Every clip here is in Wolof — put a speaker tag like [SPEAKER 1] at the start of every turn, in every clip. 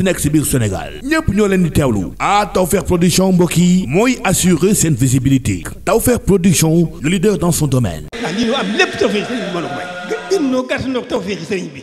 [SPEAKER 1] munti nekk ci biir Sénégal ñépp ñoo leen di teewlu ah Tawfekh production mbokk yi mooy assurer seen visibilité Tawfekh production le leader dans son domaine
[SPEAKER 2] ah lii am lépp Tawfekh sëriñ bi mën may
[SPEAKER 3] gën noo gàtt noo Tawfekh sëriñ bi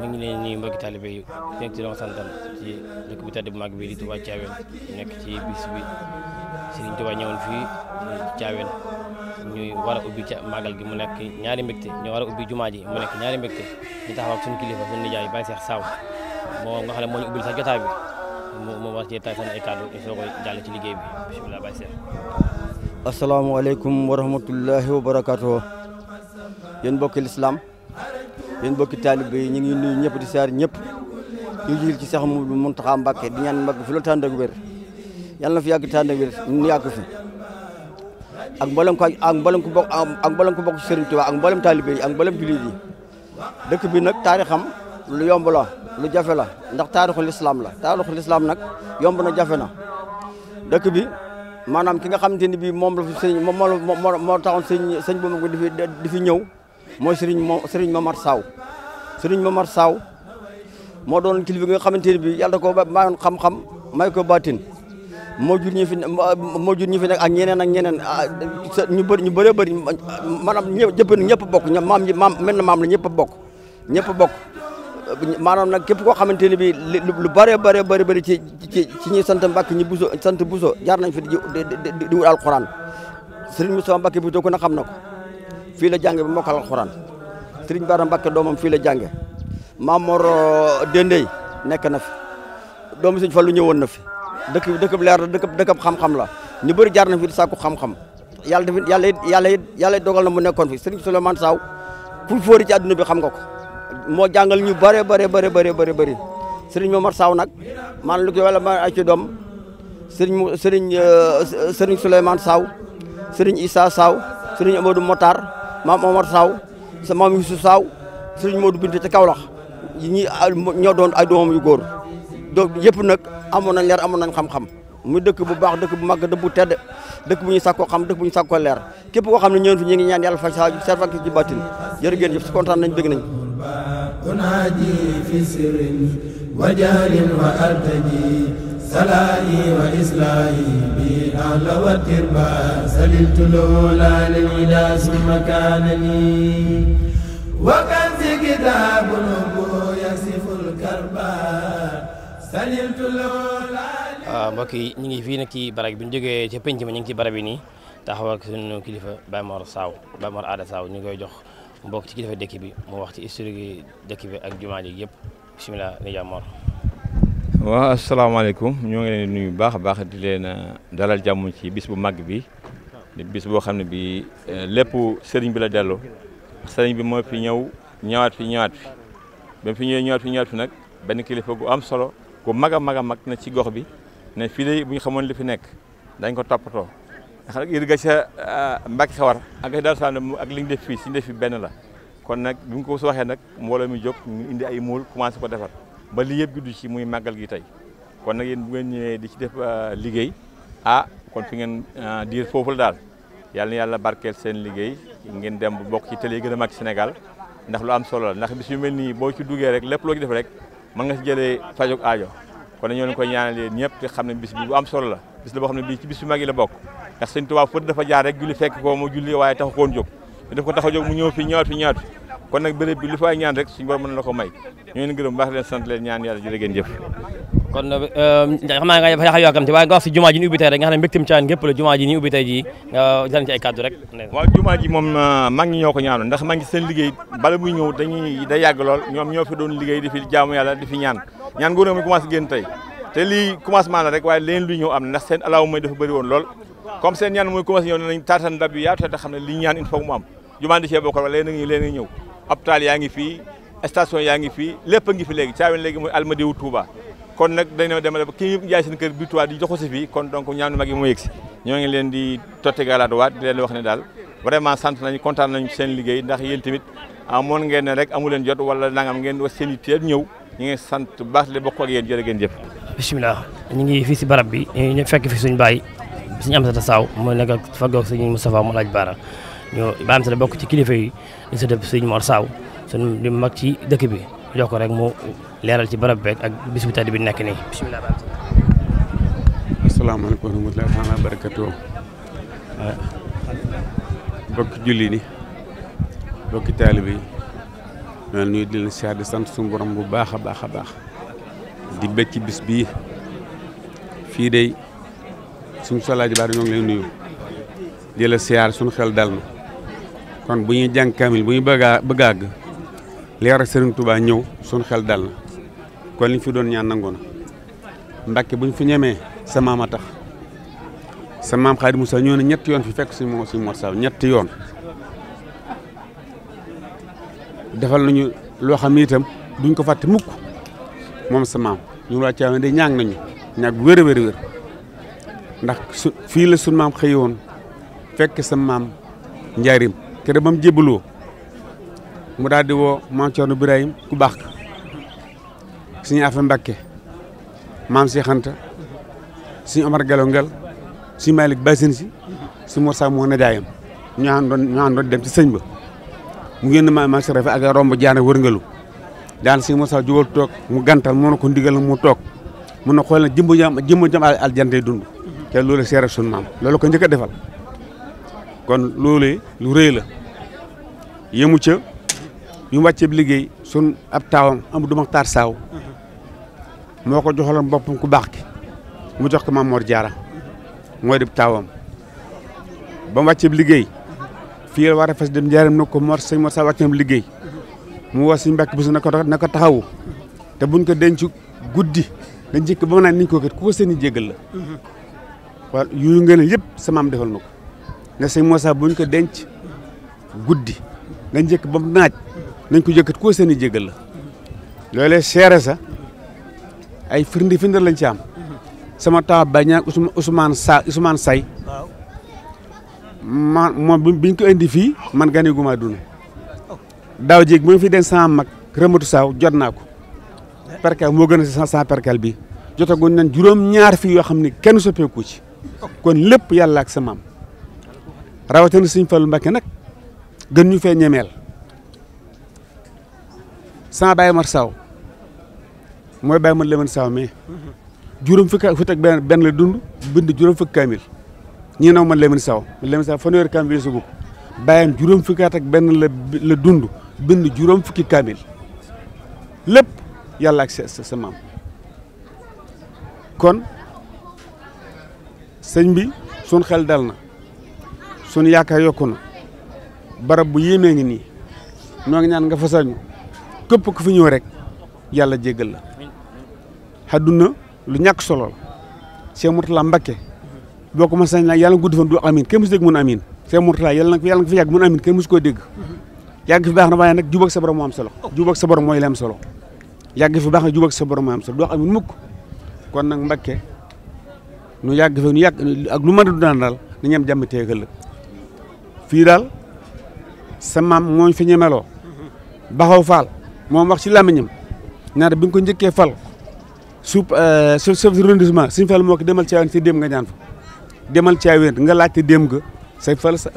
[SPEAKER 4] ñu ngi leen nuyu mbokki taalibe yi nekk bu mag bi di Touba Thiawén nekk ci bis bi Sëriñ Touba ñëwoon fii Thiawén ñuy war ubbi ca màggal gi mu nekk ñaari mbégte ñu war a ubbi jumaa ji mu nekk ñaari mbégte ñu taxaw ak suñu kilifa suñu nijaay Baye Cheikh Saw moo nga xam ne moo ñu ubbil sax bi mu mu war cee taal seen ay kàddu ñu soog ci liggéey bi bisimilah Baye Cheikh.
[SPEAKER 5] asalaamaaleykum wa rahmatullahi wa barakaatu. yéen mbokki lislaam yéen bokki taalib yi ñu ngi nuyu ñëpp di saar ñëpp ñu jigil ci sax mu Muntaxa Mbàkke di ñaan mbàkk fi loolu taan ak wér yàlla na fi yàgg tànd ak wér ñu yàgg fi ak mboolem ko ak mboolem ko bokk ak mboolem ko bokk Sëriñ Tuubaa ak mboolem taalib ak mboolem jullit yi dëkk bi nag taarixam lu yomb la lu jafe la ndax taarixul islam la taarixul islam nag yomb na jafe na dëkk bi maanaam ki nga xamante ni bii moom la fi sëñ moom moo moo taxoon sëñ sëñ bu mag fi ñëw mooy Serigne moo Serigne Momar Saw moo Momar Saw moo doon kilifa nga xamante ne bii yàlla da koo mayoon xam-xam may ko baatin moo jur ñi fi moo jur ñi fi nekk ak ñeneen ak ñeneen ah, ñu bëri ñu bëree bëri maanaam ñëpp ñëpp bokk maam ñi maam mel na maam la ñëpp bokk ñëpp bokk maanaam nag képp koo xamante ne bii lu bëree bëree bëri bëri ci ci ci ñi sant Mbàkke ñi buso sant buso jaar nañ fi di di di wut alxuraan Serigne Moustapha bi doo ko na xam na ko. fii la jànge ba mokkal alxuraan Serigne Bara Mbacké doomam fii la jànge Mamor uh, Dendey nekk na fi doomu Serigne Fallou ñëwoon na fi dëkk bi dëkkab leer la dëkkab dëkkab xam-xam la ñu bëri jaar na fi di sàkku xam-xam yàlla dafa yàlla yàlla yàlla dogal na mu nekkoon fi Serigne Souleymane Saw ku fóori ci àdduna bi xam nga ko moo jàngal ñu bare bare bare bare bare bëri Serigne Momar Saw nag man lu ko ma ay ci doom Serigne Serigne uh, Serigne Souleymane Saw Serigne Issa Saw Serigne Amadou Motar maam Omar Saw sa maam Youssouf Saw sëriñ Modou Binta ca Kaolack ñi ñoo doon ay doomam yu góor donc yëpp nag amoon nañ leer amoon nañ xam-xam mu dëkk bu baax dëkk bu màgg dëkk bu tedd dëkk bu ñu sakkoo xam dëkk bu ñu sakkoo leer képp koo xam ne ñëw fi ngi ñaan yàlla faj saa seet fàq ci bàttin jërë ngeen jëf si kontaan nañ bëgg nañ
[SPEAKER 3] unaaji fi sirrin wa wa artaji سلائي وإسلائي بأهل والتربى سللت له لا للعدا ثم كانني وكنز كتاب نبو يكسف الكربى سللت له لا
[SPEAKER 4] ah, mbokk yi ñu ngi fii nag ci barab bi ñu jógee ca penc ma ñu ngi ci barab bi nii taxaw ak sunu kilifa Baye Mor Saw Baye Mor Aada Saw ñu koy jox mbokk ci kilifa dëkk bi mu wax ci historique bi ak jumaa ji yëpp bisimilah Nidia Mor
[SPEAKER 6] waaw asalaamaaleykum ñoo ngi leen nuyu baax a baax di leen euh, dalal jàmm ci bis bu màgg bi di boo xam ne bi euh, lépp sëriñ bi la delloo sëriñ bi moo fi ñëw ñëwaat fi ñëwaat fi ba ñëwee ñëwaat fi ñëwaat nag benn kilifa gu am solo gu mag a mag a mag na ci gox bi ne fii de buñ xamoon li fi nekk dañ ko toppatoo ndax nag yër ga sa Mbàkke ak ga si Daaru Salaam ak li de def fii si fi benn la kon nag bi mu ko su waxee nag mbooloo mi jóg indi ay muul commencé ko defar ba li yëpp juddu ci muy màggal gi tey kon nag yéen bu ngeen ñëwee di ci def euh, liggéey ah kon fi ngeen euh, diir foofu la daal yàlla na yàlla barkeel seen liggéey ngeen dem bu bokk ci télé gën a mag Sénégal ndax lu am solo la ndax bis yu mel nii boo ci duggee rek lépp loo ci def rek mën nga si jëlee fajog aajo kon ñoo leen ko ñaanal yéen ñëpp te xam ne bis bi bu am solo la bis la boo xam ne bii ci bis yu mag yi la bokk ndax sëñ Tuubaa fët dafa jaar rek julli fekk ko mu julli waaye taxu koon kon nag béréb bi lu fay ñaan rek suñu borom ko may ñu leen gërëm
[SPEAKER 4] baax leen sant leen ñaan yàlla jërë ngeen jëf kon euh, euh, xam si ñu ubbi tey rek nga xam ñu ubbi tey ji euh,
[SPEAKER 6] lool ñoom ñoo fi doon liggéey di fi jaamu yàlla la rek leen luy ñëw am na seen alaaw may dafa bëri lool comme seen ñaan mooy commencé ñëw ne nañ taatan ndab yu yaatu te xam ne li ñaan il faut mu am jumaa di cee bokkar wa leen ñëw hôpital yaa ngi fii station yaa ngi fii lépp a ngi fi léegi caawen léegi mooy almadiwu Touba kon nag dañoo dem ba kii jaay seen kër bi Touba di joxu si fii kon donc ñaanu mag yi moo yëg si ñoo ngi leen di totte galaat waat ne daal vraiment sant nañu kontaan nañu seen liggéey ndax yéen tamit amoon ngeen ne rek amu leen jot wala nangam ngeen wax seen i teel ñëw ñu ngi sant baax le bokk ak yéen jërë ngeen jëf
[SPEAKER 4] bisimilah ñu ngi fii si barab bi ñu fekk fi suñu baay suñu am sata saaw mu nekk faggoog suñu Moustapha mu laaj baara ñu baam sa bokk ci kilifa yi di sa def sëñ Mor mag ci dëkk bi jox ko rek mu leeral ci barab beeg ak bis bu tedd bi nekk nii bisimilah. asalaamaaleykum wa rahmatulah taala wa barakatu
[SPEAKER 7] bokk julli ni sant suñu bu baax a baax a baax di ci bis bii fii day suñu solaaji baar ñoo ngi lay nuyu di la siyaar suñu xel dal na kon bu ñuy jàng kaamil bu ñu bëgg a bëgg a àgg leer ak Serigne ñëw suñu xel dal na kon liñ fi doon ñaan nangu na Mbàkke buñ fi ñemee sa maam a tax sa maam Xaadimu Musaa ñoo ne ñett yoon fi fekk si moo si ñetti yoon defal nañu loo xam ne itam duñ ko fàtte mukk moom sa maam ñun waa Thiawane de ñaag nañu ñaag bu wér wér ndax su fii la suñu maam xëy woon fekk sa maam njaarim kere ba mu jébbaloo mu daal di woo maam Cerno Birahim ku baax suñu Afa Mbakke maam si Xanta suñu Omar Galo Ngal suñu Malick Basin si si Mor Sam moo najaayam ñu àndoon ñu àndoon dem ci sëñ ba mu ngi ma maam si rafet ak romb jaana wërngalu daan si Mor Sam jubal toog mu gantal moo na ko ndigal mu toog mun na xool na jëmb jam jëmb jam aljante dund te loolu seere suñu maam loolu ko njëkk a defal kon loolu lu rëy la yëmu ca ñu wàccee liggéey sun ab taawam duma taar saaw moo ko joxaloon boppam ku baax ki mu jox ko Mame Mor Diarra mooy dib taawam ba mu liggéey fii la war a fes dem njaaram na ko Mor sëñ Mor saa wàcceem liggéey mu woo suñu mbàkk bisu na ko na ko taxawu te buñ ko denc guddi nga njëkk ba mu naan niñ ko kat ku ko seen i jéggal la wala yooyu ngeen yëpp samaam defal na ko ne sëñ Mor Saw buñ ko denc guddi nañ njëkk ba mu naaj nañ ko jëkkat ko seen i la loolee seere sa ay firndi firndi lañ ci am sama taw bañ ak Ousmane Sa Ousmane Say ma moom biñ ko indi fii man gane gu ma dund daaw jéeg bi ma fi mag rëmatu saaw jot naa ko percal moo gën a sa sa percal bi jotaguñ nañ juróom ñaar fii yoo xam ne kenn soppeeku ci kon lépp yàlla ak sa maam rawatina Sëñ Fallu Mbàkke nag gën ñu fee ñemeel sama Baye Mar Saw mooy Baye Mar Lemane Saw mais juróom fukk ak ak benn benn la dund bind juróom fukki kaamil ñii naw man Lemane Saw man Lemane Saw fanweeri kaamil su bokk bàyyam juróom fukki at dund bind juróom fukki kaamil lépp yàlla ak sa sa maam kon sëñ bi sun xel dal na sun yaakaar yokku na barab bu yéemee ngi nii ñoo ngi ñaan nga fasal ñu képp ku fi ñëw rek yàlla jéggal la àdduna lu ñàkk solo la Cheikh Mourtala Mbacké boo ko ma sañ la yàlla nga gudd fan doo amin kenn musu dégg mun amin Cheikh Mourtala yàlla nga yàlla nga fi yàgg mun amin kenn musu koo dégg yàgg fi baax na waaye nag jubak sa borom moo am sa borom mooy la am solo yàgg fi baax na jubak sa borom am solo doo amin mukk kon nag Mbacké nu yàgg fi nu yàgg ak lu mën a daan daal nañu am jàmm teegal la fii daal sa maam mooñ fi ñemeloo baxaw faal moom wax ci làmmiñam ñaar bi nga ko njëkkee fal suuf euh, suuf chef arrondissement suñu fal moo ko demal caawén si déem nga ñaan fa demal caawén nga laajte déem ga say sa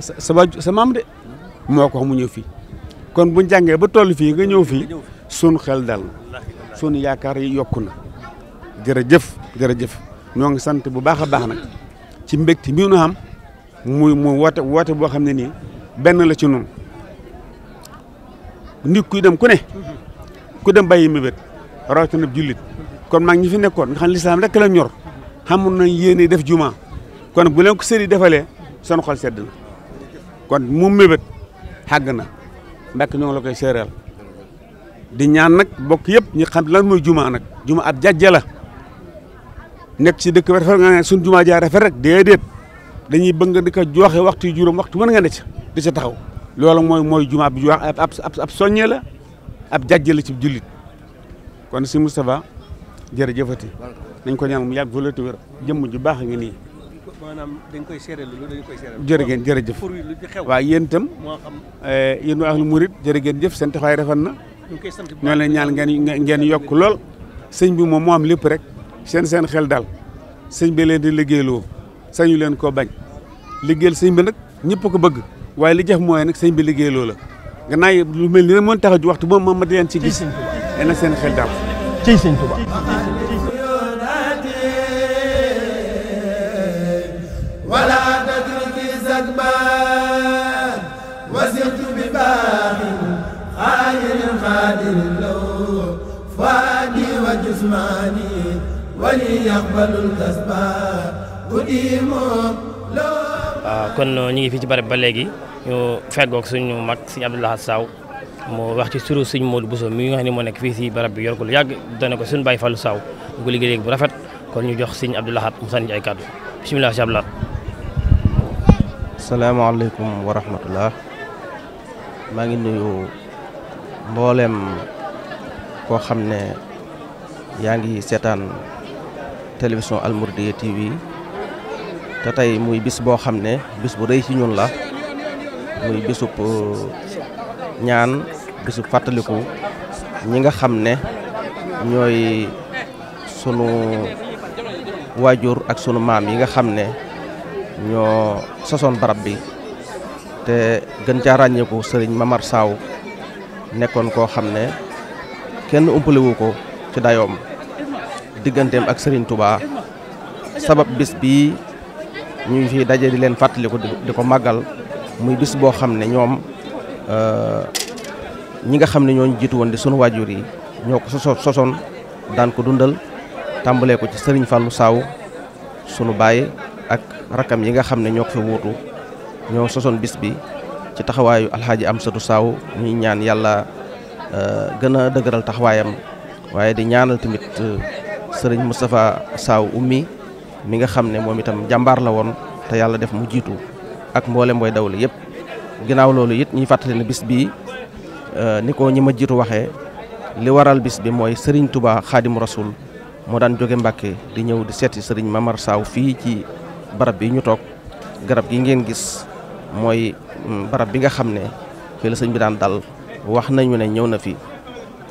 [SPEAKER 7] sa maam de moo ko wax mu ñëw fii kon buñ jàngee ba toll fii nga ñëw fii sun xel dal na sun yaakaar yokku na jërëjëf jërëjëf ñoo ngi sant bu baax a baax nag ci mbégte mi nu am muy mu woote woote boo xam ne nii benn la ci noonu nit kuy dem ku ku dem bàyyi mébét rawatina jullit kon mag ñi fi nekkoon nga xam lislaam rek la ñor xamoon nañ yéene def jumaa kon bu leen ko sëri defalee seen xol sedd kon mu mébét xàgg na mbàkk ñoo ngi la di ñaan nag bokk yëpp ñu xam lan mooy jumaa nag juma ab jàjja la nekk ci dëkk bi rafet ne suñ jumaa jaa rafet rek déedéet dañuy bëgg nga di ko joxe waxtu juróom waxtu mën nga ne ca di ca taxaw loolu mooy mooy jumaa bi wax ab soññee la ab jàjje la ci jullit kon si Moustapha jërëjëfati nañ ko ñaan mu yàgg volati wér jëmm ju baax a ngi nii
[SPEAKER 8] maanaam dañ koy seeral lu dañ koy seeral jërë ngeen jërëjëf waaw yéen itam
[SPEAKER 7] eh, yéen waa ahlu murid jërë ngeen jëf seen taxawaay rafet na ñoo leen ñaal ngeen ngeen yokk lool sëñ bi moom moo am lépp rek seen seen xel daal sëñ bi leen di liggéeyloo sañu leen koo bañ liggéeyal sëñ bi nag ñëpp ko bëgg waaye li jëf mooy nag sëñ bi liggéey loola gannaaw lu mel ni rek tax a waxtu moom ma di leen ci gis ena seen xel daal ciy sëñ Tuba
[SPEAKER 3] وجسماني وليقبل الكسبان قديم
[SPEAKER 4] Ah, kon ñu ngi fii ci barab ba léegi ñu feggoog suñu mag suñu Abdoulaye Saw mu wax ci suru suñu bu Bousso mi nga xam ni moo nekk fii si barab bi yor lu yàgg dana ko suñu Baye Fallou Saw bu ko liggéey bu rafet kon ñu jox suñu Abdoulaye mu sànni ay kàddu bisimilah si Abdoulaye.
[SPEAKER 9] salaamaaleykum wa rahmatullah maa ngi nuyu mboolem koo xam ne yaa ngi seetaan télévision Al Mouridiyyah TV. te tey muy bis boo xam ne bis bu rëy ci ñun la muy bisub uh, ñaan bisub fàttaliku ñi nga xam ne ñooy sunu waajur ak sunu maam yi nga xam ne ñoo sosoon barab bi te gën caa ràññeeku sëriñ Mamar Saw nekkoon koo xam ne kenn umpalewu ko ci dayoom digganteem ak sëriñ Touba sabab bis bi ñu ngi fii daje di leen fàttaliku di ko màggal muy bis boo xam ne ñoom euh, ñi nga xam ne ñooñu jiitu woon di sunu waajur yi ñoo ko soso sosoon daan ko dundal tàmbalee ko ci sëriñ fan lu Saaw sunu baay ak rakam yi nga xam ne ñoo ko fi wuutu ñoo sosoon bis bi ci taxawaayu alxaaji Amsatu Saaw ñu ñaan yàlla euh, gën a dëgëral taxawaayam waaye di ñaanal tamit euh, sëriñ Moustapha Saaw ummi mi nga xam ne moom itam jàmbaar la woon te yàlla def mu jiitu ak mboole booy dawle yëpp ginnaaw loolu it ñuy fàttali ne bis bii euh, ni ko ñi ma jiitu waxee li waral bis bi mooy Serigne Touba Xaadimu Rasul moo daan jóge Mbàkke di ñëw di seeti sëriñ Mamar Saaw fii ci barab bi ñu toog garab gi ngeen gis mooy mm, barab bi nga xam ne fii sëñ bi daan dal wax nañu ne ñëw na fi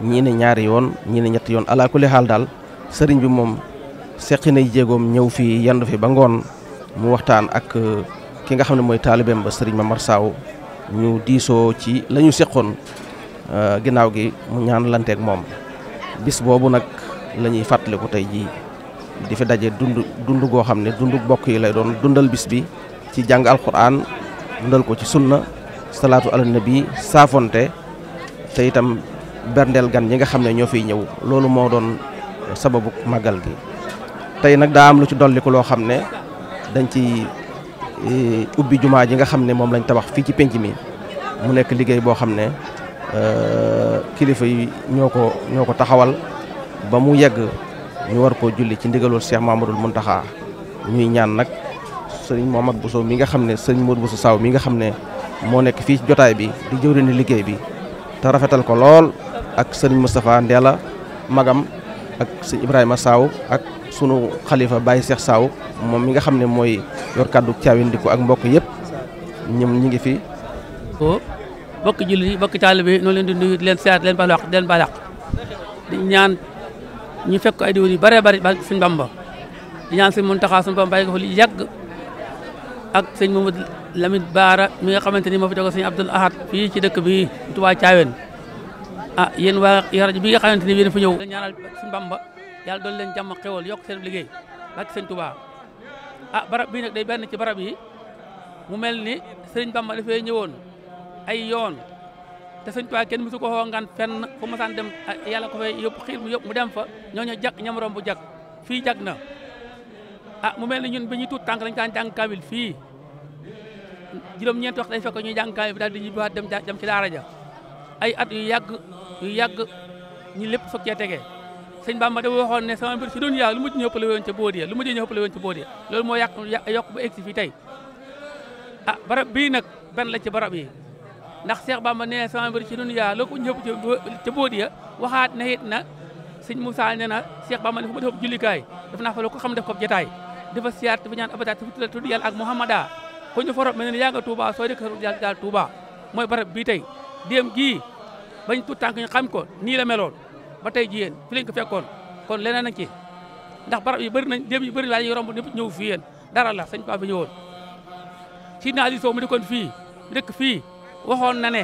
[SPEAKER 9] ñii ne ñaari yoon ñii ne ñetti yoon alaa kulli xaal daal sëriñ bi moom seqi nay jéegoom ñëw fi yendu fi ba ngoon mu waxtaan ak euh, ki nga xam ne mooy taalibeem ba sëriñ Mamar Saw ñu diisoo ci la ñu seqoon euh, ginnaaw gi mu ñaan lanteek moom bis boobu nag la ñuy fàttaliku tey jii di fi daje dund dund goo xam ne dund bokk yi lay doon dundal bis bi ci jàng alquran dundal ko ci sunna salaatu ala nabi saafonte te itam berndeel gan ñi nga xam ne ñoo fiy ñëw loolu moo doon sababu màggal gi tey nag daa am lu ci dolliku loo xam ne dañ ci e, ubbi jumaa ji nga xam ne moom lañ tabax fii ci pénc mi mu nekk liggéey boo xam ne e, kilifa yi ñoo ko ñoo ko taxawal ba mu yegg ñu war koo julli ci ndigalul Cheikh mun taxaa ñuy ñaan nag sëriñ Mouhamadou Bousso mi nga xam ne sëriñ Modou Bousso Saw mi nga xam ne moo nekk fii ci jotaay bi di jëwriñu liggéey bi te rafetal ko lool ak sëriñ Moustapha Ndeela magam ak sëriñ Ibrahima Saw ak sunu xalifa Baye Cheikh Saw moom mi nga xam ne mooy yor kàddu caawindiku ak mbokk yëpp ñoom ñi ngi fi.
[SPEAKER 10] ko oh, bokk julli bokk taalibe noo leen di nuyu di leen seet leen baal wax leen baal di ñaan ñu fekk ay diwlin yu bëree ba suñ Bamba di ñaan sëñ Muntaxa suñu Bamba bàyyi ko fa lu yàgg ak sëñ Mamadou Lamine Baara mi nga xamante ni moo fi toog sëñ Abdoul Ahad fii ci dëkk bi Touba Thiawène ah yéen waa rajo bi nga xamante ni yéen fa ñëw yàlla doon leen jàmm xewal yokk seen liggéey ak seen Tuubaa ah barab bii nag day benn ci barab yi mu mel ni Sëriñ Bamba dafay ñëwoon ay yoon te Sëriñ Tuubaa kenn mësu ko xoo ngan fenn fu ma dem ah, yàlla ko fay yóbbu xiir mu yóbbu mu dem fa ñooñu jag ñamaroom bu jag fii jag na a ah, mu mel ni ñun bi ñuy tuut tànk dañu daan jàng kaamil fii juróom-ñeenti wax day fekk ñuy jàng kaamil bi daal di ñibbiwaat dem dem ci daara ay at yu yàgg yu yàgg ñu lépp soog cee tegee sëñ Bamba dafa waxoon ne sama mbir ci dunya lu mujj ñu ëppale woon ca Boodiya lu mujj ñu ëppale woon loolu moo yàq yokk ba egsi fii tey ah barab bii nag benn la ci barab yi ndax Cheikh Bamba ne sama mbir ci dunya loo ko ñëpp ca waxaat na it na sëñ Moussa ne na Cheikh Bamba dafa ma def jullikaay def naa fa loo ko xam def ko jotaay dafa siyaar dafa ñaan abadaat dafa tudd yàlla ak Muhammada ko ñu forot mel yaa nga Touba soo dëkk mooy barab bii tey déem gii bañ tuut tànk xam ko nii la meloon ba tey ji yéen fi lañ ko fekkoon kon leneen a ci ndax barab yi bëri nañ démb yu bëri laa ñuy romb ñëpp ñëw fii yéen dara la sëñ Ba fi ñëwoon si naa li soo mu dëkkoon fii mu dëkk fii waxoon na ne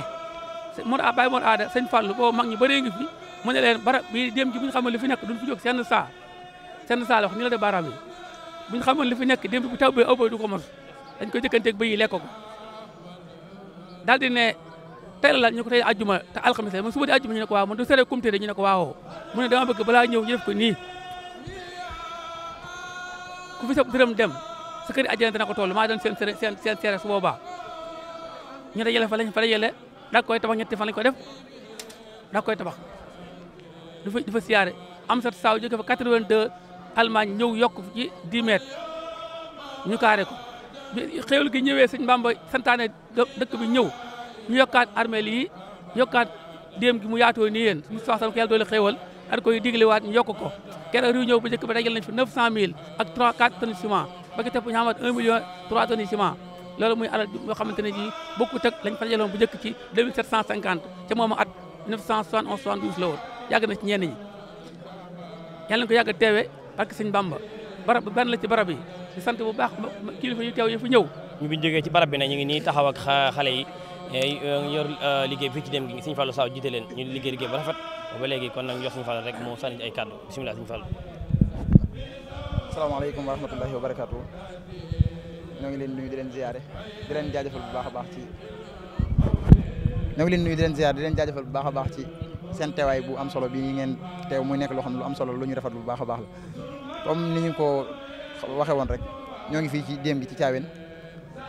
[SPEAKER 10] mun a bàyyi moon aada sëñ Fallou boobu mag ñi bëree ngi fi mu ne leen barab bi démb ji bu ñu xamoon li fi nekk duñ fi jóg seen saa seen saa la wax ni la de baaraam yi bu ñu xamoon li fi nekk démb bu taw bi aw bay du ko mos dañ ko jëkkanteeg ba yi lekk ko di ne teel la ko tey ajjuma te alxames la man suba di ajjuma ñu ne ko waaw man du sere kumte de ñu ko waawoo mu ne dama bëgg balaa ñëw ñu def ko nii ku sa dërëm dem sa kër ajjana dana ko toll maa doon seen seen seen seere su boobaa ñu dajale fa lañ fa dajale daa koy tabax ñetti fan lañ ko def daa koy tabax dafa dafa siyaare am sat saaw jóge fa 82 Allemagne ñëw yokk ci 10 ñu kaare ko bi xéewal gi ñëwee sëñ Bamba santaane dëkk bi ñëw ñu yokkaat armeel yi yokkaat déem gi mu yaatoo nii yéen mu sax sam ko yàlla doole xéewal daal koy diglewaat ñu yokk ko keroog réunion bu njëkk ba dajal nañ fi 900000 ak 3 4 tonnes ciment ba ki tepp ñu xamaat 1 million 3 tonnes ciment loolu muy alal boo xamante ne ji bokkut ak lañ fa dajaloon bu njëkk ci 2750 ca moom at 1971 72 la woon yàgg na ci ñenn ñi yàlla nañ ko yàgg a teewe parce Bamba barab benn ci barab yi di sant bu baax kilifa yu teew yi fi ñëw ñu bi ci barab bi nag ñu ngi nii taxaw ak xale yi
[SPEAKER 4] Eh, euh, yor euh, liggéey bi ci dem gi Serigne Fallou Sow jiite leen ñu liggéey liggéey ba rafet ba léegi kon nag ñu jox Serigne Fallou rek moo sànni ay kàddu bismillah Serigne Fallou
[SPEAKER 11] asalaamaaleykum wa rahmatullahi wa barakatuh ñoo ngi leen nuyu di leen ziyaare di leen jaajëfal bu baax a baax ci ñoo leen nuyu di leen ziyaare di leen jaajëfal bu baax a baax ci seen teewaay bu am solo bi ngeen teew muy nekk loo xam ne lu am solo lu ñu rafet lu baax a baax la comme ni ñu ko waxee woon rek ñoo ngi fii ci déem gi ci caaween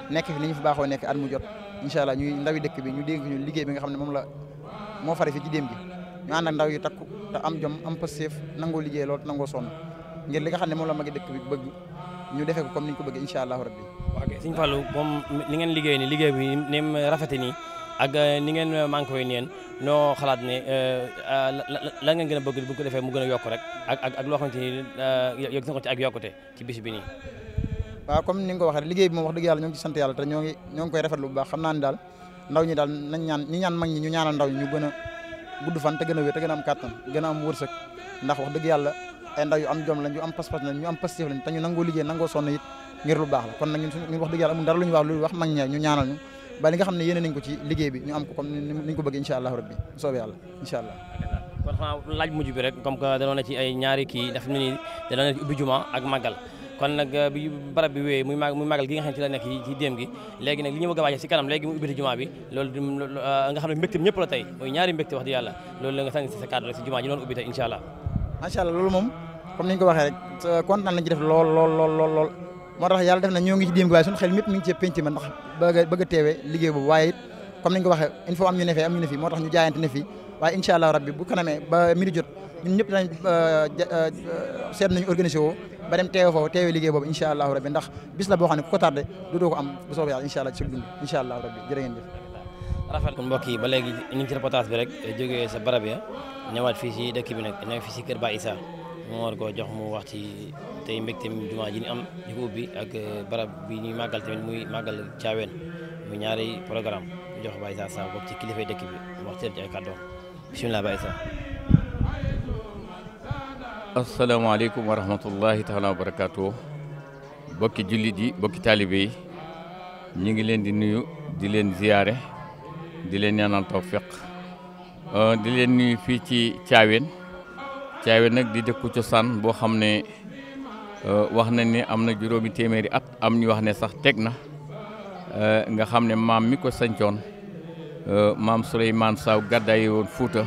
[SPEAKER 11] nekk fi ni ñu fi baaxoo nekk at mu jot incha allah ñuy ndawi dëkk bi ñu dénk ñu liggéey bi nga xam ne moom la moo fare fi ci déem gi ñu ànd ak ndaw yu takku te am jom am pastéef nangoo liggéey lool nangoo sonn ngir li nga xam ne moom la magi dëkk bi bëgg ñu defee comme ni ko bëgg incha allahu rabbi
[SPEAKER 4] ok sëñ Fallou ngeen liggéey ni liggéey bi ni mu rafete nii ak euh, ningeen ngeen euh, manqué woy neen noo xalaat ne euh, la ngeen gën a bëgg bu ko defee mu gën a yokk rek ak ak loo xamante ni yëg ci ak yokkute ci bis bi nii
[SPEAKER 11] waaw comme ni nga ko waxee rek liggéey bi moom wax dëgg yàlla ñoo ngi ci sant yàlla te ñoo ngi ñoo ngi koy bu baax xam naa ni daal ndaw ñi daal nañ ñaan mag ñi ñu ñaanal ndaw ñu gën a gudd fan te gën a te gën am kàttan gën a am wërsëg ndax wax dëgg yàlla ay ndaw yu am jom lañ yu am pas-pas lañ ñu am pastif lañ te ñu liggéey nangoo sonn it ngir lu baax la kon nag ñun wax dëgg yàlla amul dara lu ñu wax lu wax mag ñi ñu ñaanal ñu ba nga xam ne yéene nañ ko ci liggéey bi ñu am ko comme ni ñu ko bëggee incha allah rabbi
[SPEAKER 4] bi rek comme ay ñaari kii dafa ne ni danoon na kon nag euh, bi barab bi wéyee muy muy magal gi nga xam ne ci la nekk ci déem gi léegi nag li ñu bëgg a waajal si kanam léegi mu ubbiti jumaa bi loolu euh, nga xam ne mbégte ñëpp muy ñaari mbégte wax di allah loolu
[SPEAKER 11] moom comme ni ñu waxee rek kontaan nañ ci def lool lool lool moo tax yàlla def na ñoo ngi ci déem gi waaye suñu xel mépp mi ngi ci penc ma ndax bëgg bëgg a liggéey boobu waaye it comme ni ñu waxee il faut am ñu ne fee am ñu ne fii moo tax ñu jaayante ne fii waaye incha allah rabbi bu kanamee ba ñun ñëpp dinañ euh, euh, seet nañu organisé woo ba dem teewe foofu teewe liggéey boobu incha allahu rabbi ndax bis la boo xam ne ku ko tardé du doo ko am bu soobee yàlla incha allah ci dund incha allahu
[SPEAKER 4] rafet kon mbokk yi ba léegi ñu ngi ci reportage bi rek jógee sa barab ya ñëwaat fii si dëkk bi nag ñëw fii si kër Ba Issa mu war koo jox mu wax ci tey mbégte mi jumaa ji ni am di ko ubbi ak euh, barab bi ñuy màggal tamit muy màggal caaween mu ñaari programme jox Ba Issa sa bokk ci kilifa dëkki bi wax ci ay kàddoom
[SPEAKER 12] bisimilah Ba Issa asalaamaaleykum wa rahmatullahi taala wa barakaatu bokki jullit yi bokki taalibe yi ñu ngi leen di nuyu di leen ziyaare di leen ñaanal feq euh, di leen nuyu fii ci Thiawéne Thiawéne nag di dëkku cosaan boo xam ne euh, wax na ne am na juróomi téeméeri at am ñu wax ne sax teg na euh, nga xam ne maam mi ko sancoon maam Souleymane Saw gàddaayi woon Fuuta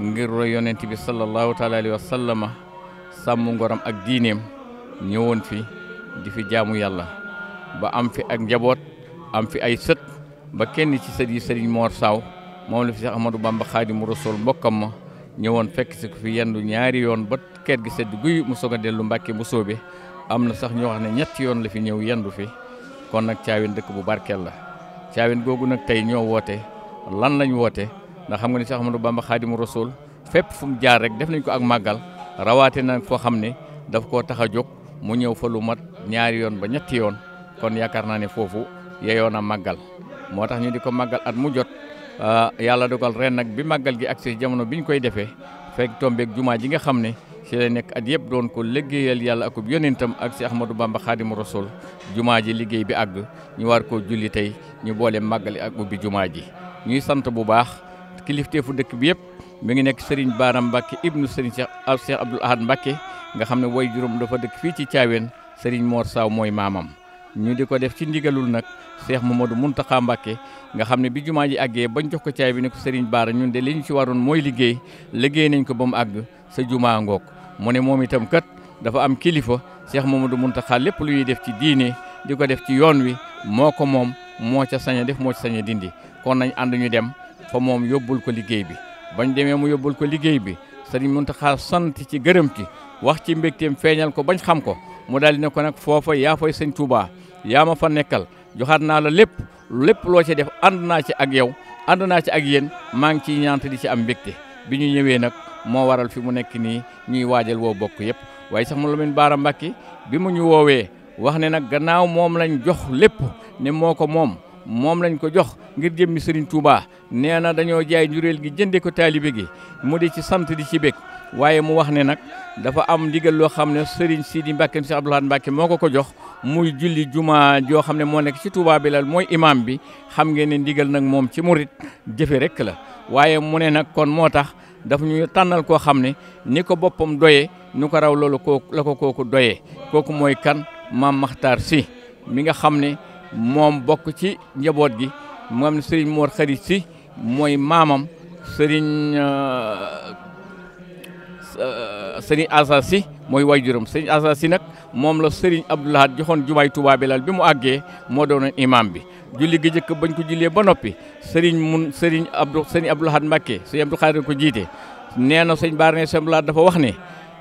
[SPEAKER 12] ngir roy yonent bi sallallahu taala alayhi wa sallama sàmm ngoram ak diineem ñëwoon fi di fi jaamu yàlla ba am fi ak njaboot am fi ay sët ba kenn ci sët yi sëriñ Mor saaw moom la fi Seex Ahmadu Bamba Xaadimu Rasuul mbokkam ma ñëwoon fekk si ko fi yendu ñaari yoon ba ker gi sedd guy mu soog a dellu Mbàkke bu soobe am na sax ñoo xam ne ñetti yoon la fi ñëw yendu fi kon nag caawin dëkk bu barkeel la caawin googu nag tey ñoo woote lan lañ woote ndax xam nga ne Seex Ahmadu Bamba Xaadimu Rasuul fépp fu mu jaar rek def nañ ko ak màggal rawatina foo xam ne daf koo tax a jóg mu ñëw fa lu mat ñaari yoon ba ñetti yoon kon yaakaar naa ne foofu yeyoon a màggal moo tax ñu di ko màggal at mu jot ah, yàlla dogal ren nag bi màggal gi agsi jamono bi ñu koy defee fekk tombeeg jumaa ji nga xam ne ci la nekk at yëpp doon ko liggéeyal yàlla akub yonentam ak si Ahmadou Bamba Xaadimu Rasul jumaa ji liggéey bi àgg ñu war koo julli tey ñu boole màggale ak ubbi jumaa ji ñuy sant bu baax kilifteefu dëkk bi yëpp mi ngi nekk Serigne Baara Mbacke ibnu Serigne Cheikh Cheikh Abdoul Ahad Mbacke nga xam ne way juróom dafa dëkk fii ci Thiawéne Serigne Mor saaw mooy maamam ñu di ko def ci ndigalul nag Cheikh Mamadou Mountakha Mbacke nga xam ne bi jumaa ji àggee bañ jox ko caay bi ne ko Serigne Baara ñun de li ñu ci waroon mooy liggéey liggéey nañ ko ba mu àgg sa jumaa ngoog mu ne moom itam kat dafa am kilifa Cheikh Mamadou Mountakha lépp lu ñuy def ci diine di ko def ci yoon wi moo ko moom moo ca sañ a def moo ca sañ dindi kon nañ ànd ñu dem moom yóbbul ko liggéey bi bañ demee mu yóbbul ko liggéey bi sëriñ Muntaxa sant ci gërëm ci wax ci mbégteem feeñal ko bañ xam ko mu daal di ne ko nag foofa yaa fay sëñ Touba yaa ma fa nekkal joxaat naa la lépp lépp loo ci def ànd naa ci ak yow ànd ci ak yéen maa ngi ciy ñaante di ci am mbégte bi ñu ñëwee nag moo waral fi mu nekk nii ñuy waajal woo bokk yëpp waaye sax mu Lamine Bara Mbacke bi mu ñu woowee wax ne nag gannaaw moom lañ jox lépp ne moo ko moom moom lañu ko jox ngir jëmmi Serigne Touba nee na dañoo jaay njuréel gi jënde ko taalibe gi mu di ci sant di ci bég waaye mu wax ne nag dafa am ndigal loo xam ne Serigne Sidi Mbacke Cheikh Abdoul Ahad Mbacke moo ko ko jox muy julli juma joo xam ne moo nekk ci Touba bi la mooy imam bi xam ngeen ne ndigal nag moom ci murit jëfe rek la waaye mu ne nag kon moo tax dafa ñuy tànnal koo xam ne ni ko boppam doyee nu ko raw loolu kooku la ko kooku doyee kooku mooy kan maam Makhtar si mi nga xam ne moom bokk ci njaboot gi moom sëriñ Mor Xarit si mooy maamam sëriñ euh, sëriñ Asa si mooy juróom sëriñ Asa si nag moom la sëriñ Abdou Lahad joxoon jumaay Tuubaa laal bi mu àggee moo doonoon imaam bi julli gi njëkk bañ ko jullee ba noppi sëriñ mun sëriñ Abdou sëriñ Abdou Lahad Mbacké sëriñ Abdou ko jiite nee na sëriñ Bara ne dafa wax ne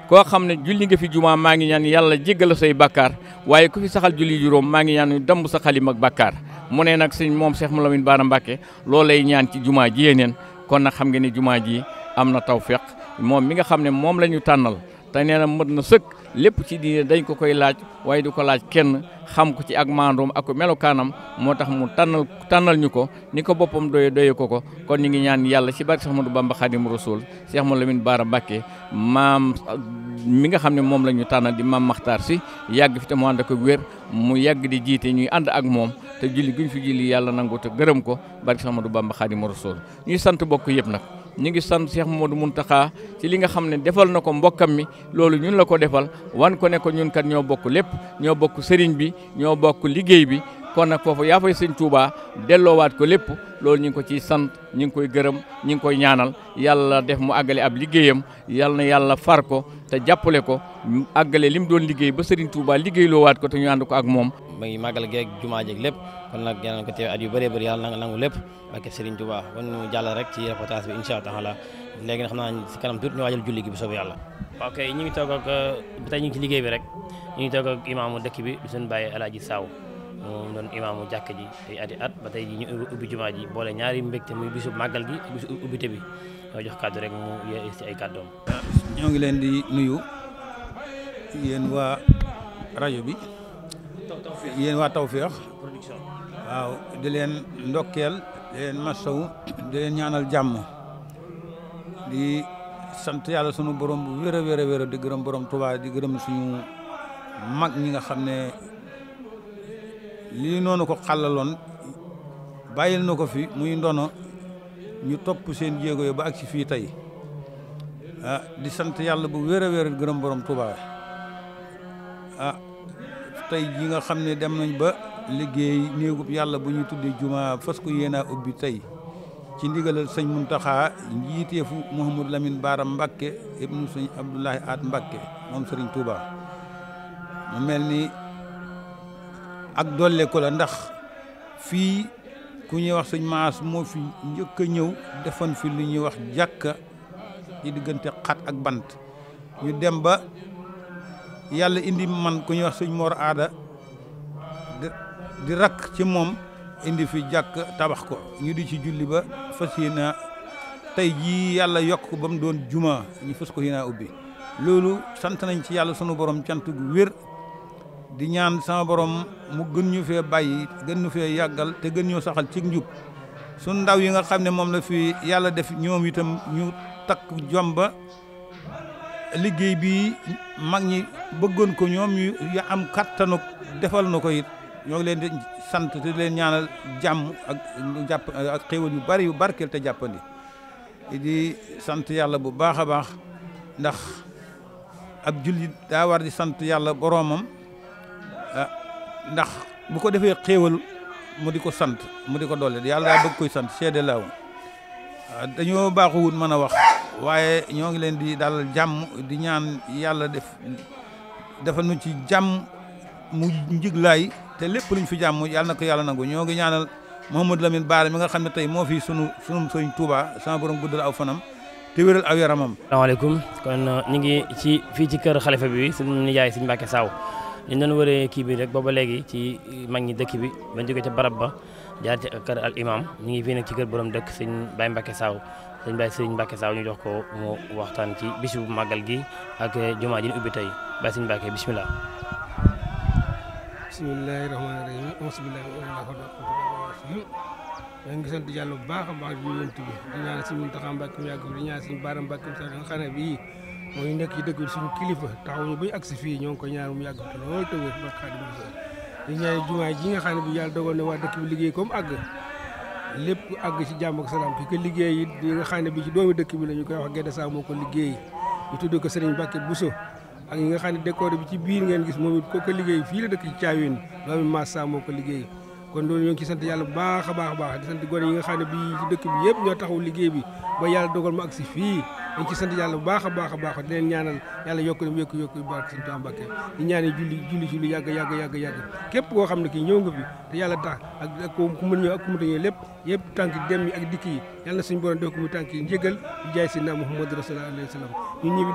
[SPEAKER 12] koo xam ne julli nga fi jumaa maa ngi ñaan yàlla jéggal say bàkkaar waaye ku fi saxal julli juróom maa ngi ñaan damb sa xalim ak bàkkaar mu ne nag sëñ moom la Cheikh Moulamine Bara Mbacké lool lay ñaan ci jumaa ji yeneen kon na xam nga ne jumaa ji am na tawfeex moom mi nga xam ne moom la ñu tànnal te nee na mët na sëkk lépp ci diine dañ ko koy laaj waaye du ko laaj kenn xam ko ci ak maandoom ak melokaanam moo tax mu tànnal tànnal ñu ko ni ko boppam doye doye ko ko kon ñu ngi ñaan yàlla ci ma du Ahmadu Bamba Xaadimu Rasuul Seex Ahmadu Lamin Baara Mbàkke maam mi nga xam ne moom la ñu tànnal di maam Maxtaar si yàgg fi te mu ànd ak wér mu yàgg di jiite ñuy ànd ak moom te julli guñ fi julli yàlla nangu te gërëm ko barke Seex Ahmadu Bamba Xaadimu Rasuul ñuy sant bokk yëpp nag ñu ngi sant Cheikh Mamadou Mountakha ci li nga xam ne defal na ko mbokkam mi loolu ñun la ko defal wan ko ne ko ñun kat ñoo bokk lépp ñoo bokk sëriñ bi ñoo bokk liggéey bi kon nag foofu yaa fay sëñ Touba delloowaat ko lépp loolu ñu ngi ko ciy sant ñu ngi koy gërëm ñu ngi koy ñaanal yàlla def mu àggale ab liggéeyam yàlla na yàlla far ko te jàppale ko àggale li mu doon liggéey ba sëriñ Touba liggéey waat ko te ñu ànd ko ak moom. ma ngi màggal geeg jumaa jeeg lépp kon nag yal na ko teew at yu bëree bëri yàlla na nangu lépp barke
[SPEAKER 4] Sëriñ Touba kon ñu jàll rek ci reportage bi incha allah léegi nag xam naa si kanam tuuti ñu waajal julli gi bu soobee yàlla. ok ñu ngi toog ak tey ñu ngi rek ñu ngi toog ak imaamu dëkk bi seen bàyyi Alaaji Saaw mu doon imaamu jàkk ji tey ati at ba ji ñu ubbi boole ñaari mbégte muy bisu màggal gi bisu ubbite bi ñoo jox kàddu rek mu yee ci ay kàddoom ñoo ngi leen di nuyu yéen waa rajo bi
[SPEAKER 13] yéen wa Tawfekh production waaw di leen ndokkeel di leen masawu di leen ñaanal jàmm di sant yàlla sunu borom bu wér a wér di gërëm borom Tuubaa di gërëm suñu mag ñi nga xam ne lii noonu ko xàllaloon bàyyil na ko fi muy ndono ñu topp seen jéego yi ba ak si fii tey ah, di sant yàlla bu wér wér gërëm borom Tuubaa ah, tey ji nga xam ne dem nañ ba liggéey néegub yàlla bu ñu tuddee juma fas ko yéenaa ubbi tey ci ndigalal sëñ Muntaxa njiiteefu Mouhamadou Lamine Baara Mbakke ibnu sëñ Abdoulahi At Mbakke moom sëriñ Touba mu mel ni ak dolle ko la ndax fii ku ñuy wax sëñ maas moo fi njëkk ñëw defan fi lu ñuy wax jàkka di diggante xat ak bant ñu dem ba yàlla indi man ku ñuy wax sëñ moor aada di rakk ci moom indi fi jàkk tabax ko ñu di ci julli ba fas yéene tey jii yàlla yokk ba mu doon juma ñu fas ko yéene ubbi loolu sant nañ ci yàlla sunu borom cant gu wér di ñaan sama boroom mu gën ñu fee bàyyi gën ñu fee yàggal te gën ñu saxal ci njub su ndaw yi nga xam ne moom la fi yàlla def ñoom itam ñu takk jomba liggéey bi mag ñi bëggoon ko ñoom ñu am kattanu defal nu ko it ñoo ngi leen sant te leen ñaanal jàmm ak jàpp ak xéwal yu bari yu barkeel te jàppandi di sant yàlla bu baax a baax ndax ab jullit daa war di sant yàlla boroomam Eh, ndax bu ko defee xéewal mu di ko sant mu di ko doole yàlla daa bëgg koy sant seede laaw ah, dañoo baaxuwut mën a wax waaye ñoo ngi leen di dalal jàmm di ñaan yàlla def defal nu ci jàmm mu njiglaay te lépp luñ fi jàmm yàlla na ko yàlla nangu ñoo ngi ñaanal Mouhamadou Lamine Bara mi nga xam ne tey moo fi
[SPEAKER 4] sunu sunu sëñ Touba sama borom guddal aw fanam te wéral aw yaramam. asalaamaaleykum kon uh, ñu ngi ci fii ci kër xalifa bi suñu nijaay suñu Mbàkke saaw ñu doon wëree kii bi rek booba léegi ci mag ñi dëkk bi ba jóge ca barab ba jaar ci kër al imam ñu ngi fii nag ci kër borom dëkk sëñ Baye Mbacke Saw sëñ Baye sëñ ñu jox ko mu waxtaan ci bisu màggal gi ak jumaa ji ñu ubbi tey Baye sëñ Mbacke bisimilah.
[SPEAKER 8] bisimilahi rahmaani rahim maa ngi sant yàlla bu baax a baax di ñaan si Muntaxa Mbacke mi yàgg di ñaan si Baara Mbacke mi sax bii mooy nekk ci dëkk bi suñu kilifa taxawuñu ba ñu agsi fii ñoo ngi ko ñaan mu yàgg te lool te wér ba Xaadimu jumaa ji nga xam ne bi yàlla dogal waa dëkk bi liggéey comme àgg lépp àgg ci jàmm ak salaam ki ko liggéey it yi nga xam ne bi ci doomi dëkk bi la ñu koy wax Gedda Saa moo ko liggéey ñu tudd ko Sëriñ Mbàkke Buso ak ñi nga xam ne décor bi ci biir ngeen gis moom it ko ko liggéey fii la dëkk ci Caawin doomi Maas Saa moo ko liggéey kon loolu ñoo ngi ci sant yàlla bu baax a baax a baax di sant gone yi nga xam ne bii ci dëkk bi yëpp ñoo taxaw liggéey bi ba yàlla dogal ma ak si fii dañ ci sant yàlla bu baax a baax baax di leen ñaanal yokk dem yokk yokk barke Sëñ Tuubaa Mbàkke di ñaanee julli julli yàgg yàgg yàgg yàgg képp koo xam ne kii ñëw nga fi te yàlla tax ak ku mën ñëw ak ku mën lépp yëpp tànk dem ak dikk yi yàlla na suñu borom def ko mu tànk njëgal bu jaay si naa Muhammad alayhi salaam jërë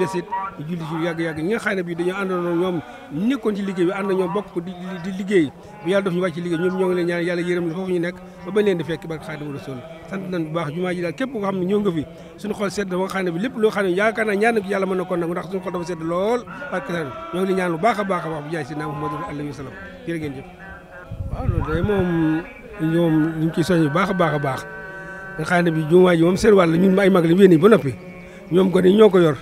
[SPEAKER 8] jëf ñoom ñu ngi ciy baax a baax a baax nga xam ne bi jumaa ji moom seen wàll ñun ay mag la ñu ba noppi ñoom ko ni ñoo ko yor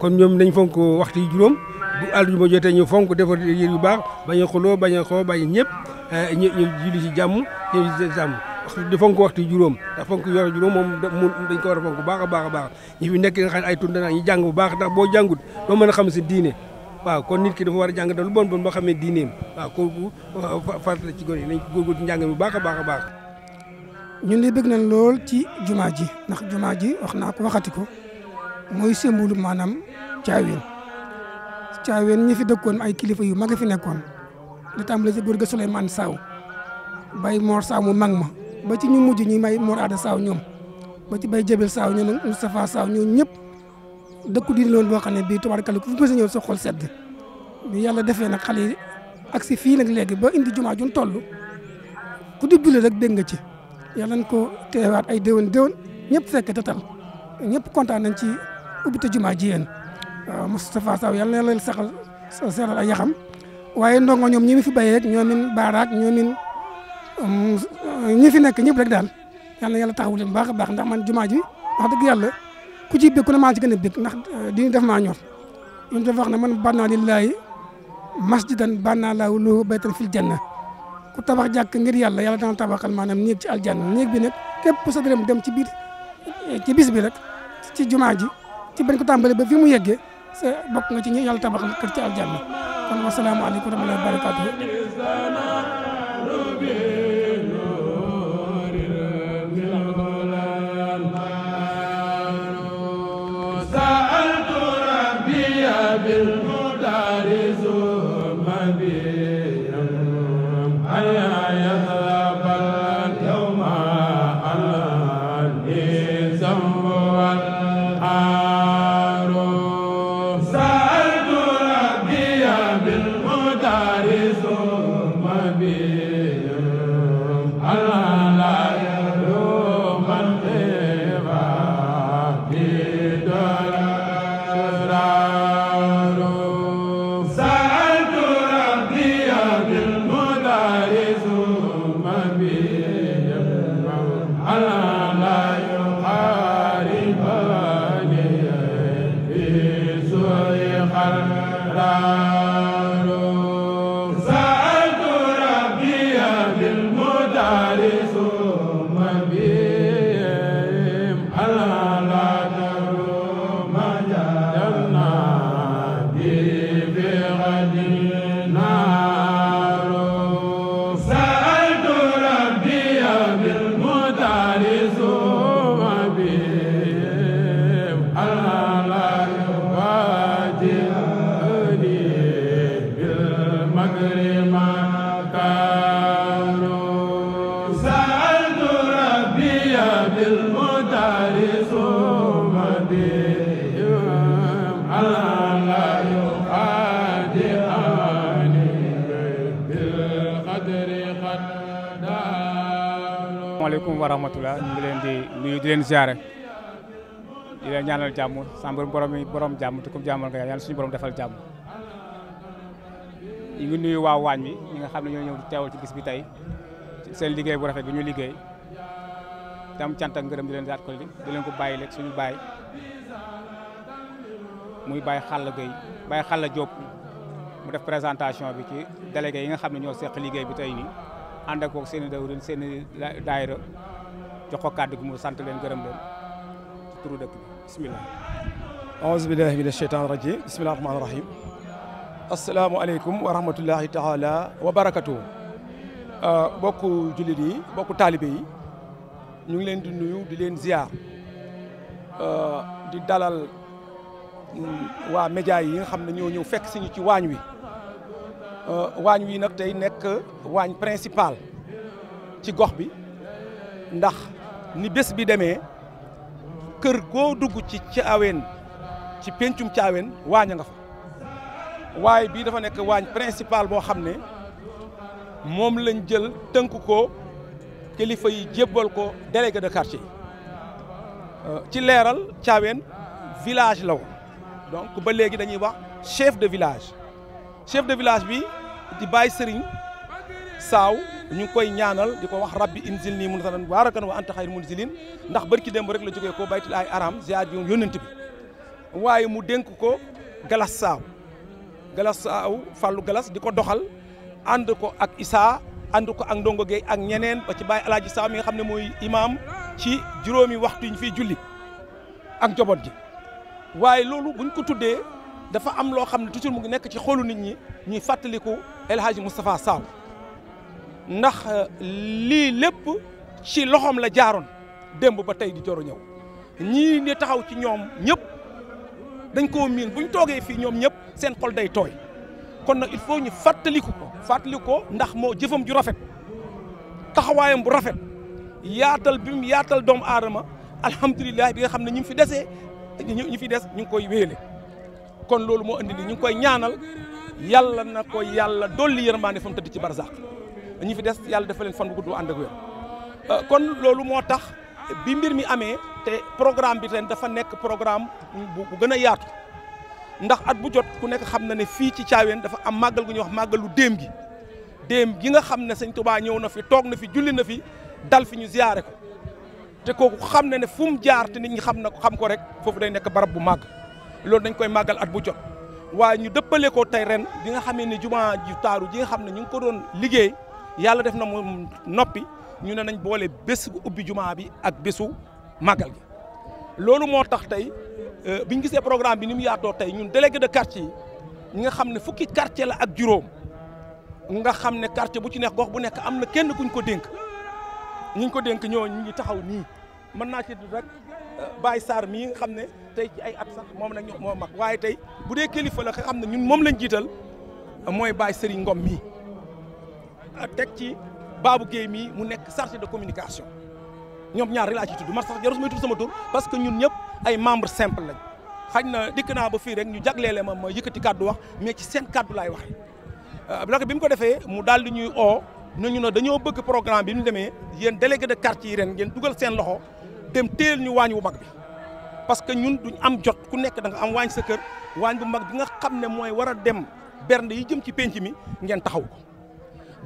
[SPEAKER 8] kon ñoom nañ fonk waxtu yi juróom bu àljuma jotee ñu fonk defar yéen yu baax bañ xuloo bañ a xoo bañ a ñëpp eh, ñu julli ci jàmm ñu jàmm di fonk waxtu juróom ndax fonk yor juróom moom dañ ko war a fonk bu baax baax a baax ñi fi nekk nga xam ne ay tunda naa ñu bu baax ndax boo jàngut doo mën a xam si diine waaw kon nit ki dafa war a jàng lu bon bon boo xamee diineem waaw kooku farata ci gone yi nañ góorgóorlu njàng mi bu baax a baax baax.
[SPEAKER 14] ñun li bëgg nañ lool ci jumaa ji ndax jumaa ji wax naa ko waxati ko mooy sembulu maanaam caaween caaween ñi fi dëkkoon ay kilifa yu mag a fi nekkoon di tàmbale ci góor ga Souleymane Saw bay Mor Saw mu mag ma ba ci ñu mujj ñi may Mor Ada Saw ñoom ba ci bay Jabel Saw ñoom Moustapha Saw ñoom ñëpp. dëkku diine loon boo xam ne bii tubaarkalla ku fi mës a ñëw sa xol sedd bi yàlla defee nag xale yi ak si fii nag léegi ba indi jumaa jun toll ku di julli rek dégg nga ci yàlla nañ ko teewaat ay déwén déwén ñëpp fekk tatal ñëpp kontaan nañ ci ubbite jumaa ji yéen waaw Moustapha Saw yàlla na yàlla saxal a ay yaxam waaye ndongo ñoom ñi mi fi béyee rek ñoomin baaraak ñoomin um, ñi fi nekk ñëpp rek daal yàlla na yàlla taxawu leen baax a baax ndax man jumaa ji wax dëgg yàlla ku ci bëgg ku ne maa ci gën a bëgg ndax euh, diine def maa ñor ñun dafa wax ne man bannaa lillaahi masjidan bannaa laahu lahu baytan fil janna ku tabax jàkk ngir yàlla yàlla dana tabaxal maanaam néeg ci aljanna néeg bi nag képp sa dërëm dem ci biir euh, ci bis bi rek ci jumaa ji ci bañ ko tàmbalee ba fi mu yegge sa bokk nga ci ñi yàlla tabaxal kër ci aljanna kon wasalaamaaleykum wa rahmatulah wa
[SPEAKER 15] barakatuh
[SPEAKER 2] rahmatulah ñu ngi leen di nuyu di leen ziare di leen ñaanal jàmm sàmm borom yi borom jàmm te comme jàmmal nga yàlla defal jàmm. ñu nuyu waaw waañ bi ñi nga xam ne ñoo ñëw teewal ci gis bi tey seen liggéey bu rafet bi ñu liggéey tam cant ak ngërëm di leen daat ko li di leen ko bàyyi lekk suñu bàyyi muy bàyyi xàll gay bàyyi xàll jóob mu def présentation bi ci délégué yi nga xam ne ñoo seq liggéey bi tey nii ànd ak seen i dawrin seen i daayira jox ko kàddu sant leen gërëm leen ci turu dëkk bi bisimilah. aouzu billahi mina sheytaani rajim bisimilah rahmaani rahim. asalaamualeykum wa rahmatullahi taala wa barakatuhu. Ah, bokku jullit yi bokku taalibe yi ñu ngi leen di nuyu di leen ziar ah, di dalal mm, waa média yi xam ne ñoo ñëw fekk si ñu ci waañ wi. Ah, waañ wi nag tey nekk waañ principal ci gox bi ndax. ni bés bi demee kër goo dugg ci caaween ci pencum caaween waañ nga fa waaye bii dafa nekk waañ principal boo xam ne moom lañ jël tënk ko kilifa yi jébbal ko délégué de quartier euh, ci leeral caaween village la woon donc ba léegi dañuy wax chef de village chef de village bi di bàyyi sëriñ saaw ñu ngi koy ñaanal di ko wax rabbi inzil nii mun sa nan waarakan wa anta xayr munzilin ndax bër barki démb rek la jógee ko baytul ay aram ziar yi yónnent bi waaye mu dénk ko galas saaw galas saaw fàllu galas di ko doxal ànd ko ak isaa ànd ko ak ndongo Gueye ak ñeneen ba ci bàyyi alaaji saaw mi nga xam ne mooy imaam ci juróomi waxtu yi ñu fiy julli ak njaboot gi waaye loolu buñ ko tuddee dafa am loo xam ne toujours mu ngi nekk ci xolu nit ñi ñuy fàttaliku El Hadji Moustapha Sall ndax euh, lii lépp ci loxoom la jaaroon démb ba tey di joro ñëw ñii ne taxaw ci ñoom ñëpp dañ koo miin bu ñu toogee fii ñoom ñëpp seen xol day tooy kon nag il faut ñu fàttaliku ko fàttaliku ko ndax moo jëfam ju rafet taxawaayam bu rafet yaatal bi mu yaatal doomu aadama alhamdulilah bi nga xam ne ñu fi desee ñu fi des ñu ngi koy wéele kon loolu moo indi ni ñu ngi koy ñaanal yàlla na ko yàlla dolli yërmaande fa mu tëdd ci barzaq ñi fi des yàlla dafa leen fan bu gudd ànd ak wér euh, kon loolu moo tax bi mbir mi amee te programme bi ren dafa nekk programme bu gën a yaatu ndax at bu jot ku nekk xam na ne fii ci Thiawéne dafa am màggal gu ñuy wax màggalu déem gi déem gi nga xam ne sëñ Touba ñëw na fi toog na fi julli na fi dal fi ñu ziyaare ko te kooku xam na ne fu mu jaar te nit ñi xam na ko xam ko rek foofu day nekk barab bu màgg loolu dañ koy màggal at bu jot waaye ñu dëppale ko tey ren bi nga xamee ne jumaa ju taaru ji nga xam ne ñu ngi ko doon liggéey yàlla def na mu noppi ñu ne nañ boole bés ubbi jumaa bi ak bésu màggal gi loolu moo tax tey euh, bi ñu gisee programme bi ni mu yaatoo tey ñun délégué de quartier yi ñi nga xam ne fukki quartier la ak juróom nga xam ne quartier bu ci nekk gox bu nekk am na kenn kuñ ko dénk ñu ko dénk ñoo ñu ngi taxaw nii mën naa ci rek euh, Baye saar mii nga xam ne tey ci ay at sax moom nag ñoo moo mag waaye tey bu dee kilifa la nga xam ne ñun moom lañ jiital mooy Baye Serigne Ngom mii teg ci Babou Guèye mi mu nekk chargé de communication ñoom ñaar rek laa ci tudd man sax jarul may tudd sama tur parce que ñun ñëpp ay membre simple lañ xaj na dikk naa ba fii rek ñu jagleele ma ma yëkkati kàddu wax mais ci seen kàddu lay waxe euh, naka bi mu ko defee mu daal di ñuy oo ñu ne dañoo bëgg programme bi ñu demee yéen délégué de quartier yi ren ngeen dugal seen loxo dem téel ñu waañ wu mag bi parce que ñun duñ am jot ku nekk da am waañ sa kër waañ bu mag bi nga xam ne mooy war a dem bernde yi jëm ci penc mi ngeen taxaw ko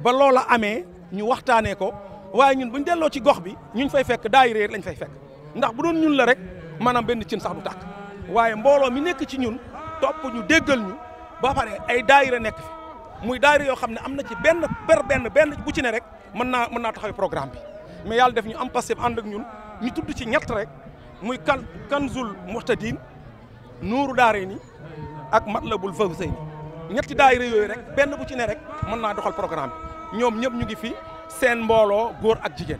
[SPEAKER 2] ba loola amee ñu waxtaanee ko waaye ñun bu ñu delloo ci gox bi ñu fay fekk daay réer lañ fay fekk ndax bu doon ñun la rek maanaam benn cin sax du tàkk waaye mbooloo mi nekk ci ñun topp ñu déggal ñu ba pare ay daayira nekk fi muy daayira yoo xam ne am na ci benn per benn benn bu ci ne rek mën naa mën naa taxaw programme bi mais yàlla def ñu am passé ànd ak ñun ñu tudd ci ñett rek muy kan kanzul muhtadin nuuru daare ni ak matlabul fawsayni ñetti daayira yooyu rek benn bu ci ne rek mën naa doxal programme bi ñoom ñëpp ñu ngi fi seen mbooloo góor ak jigéen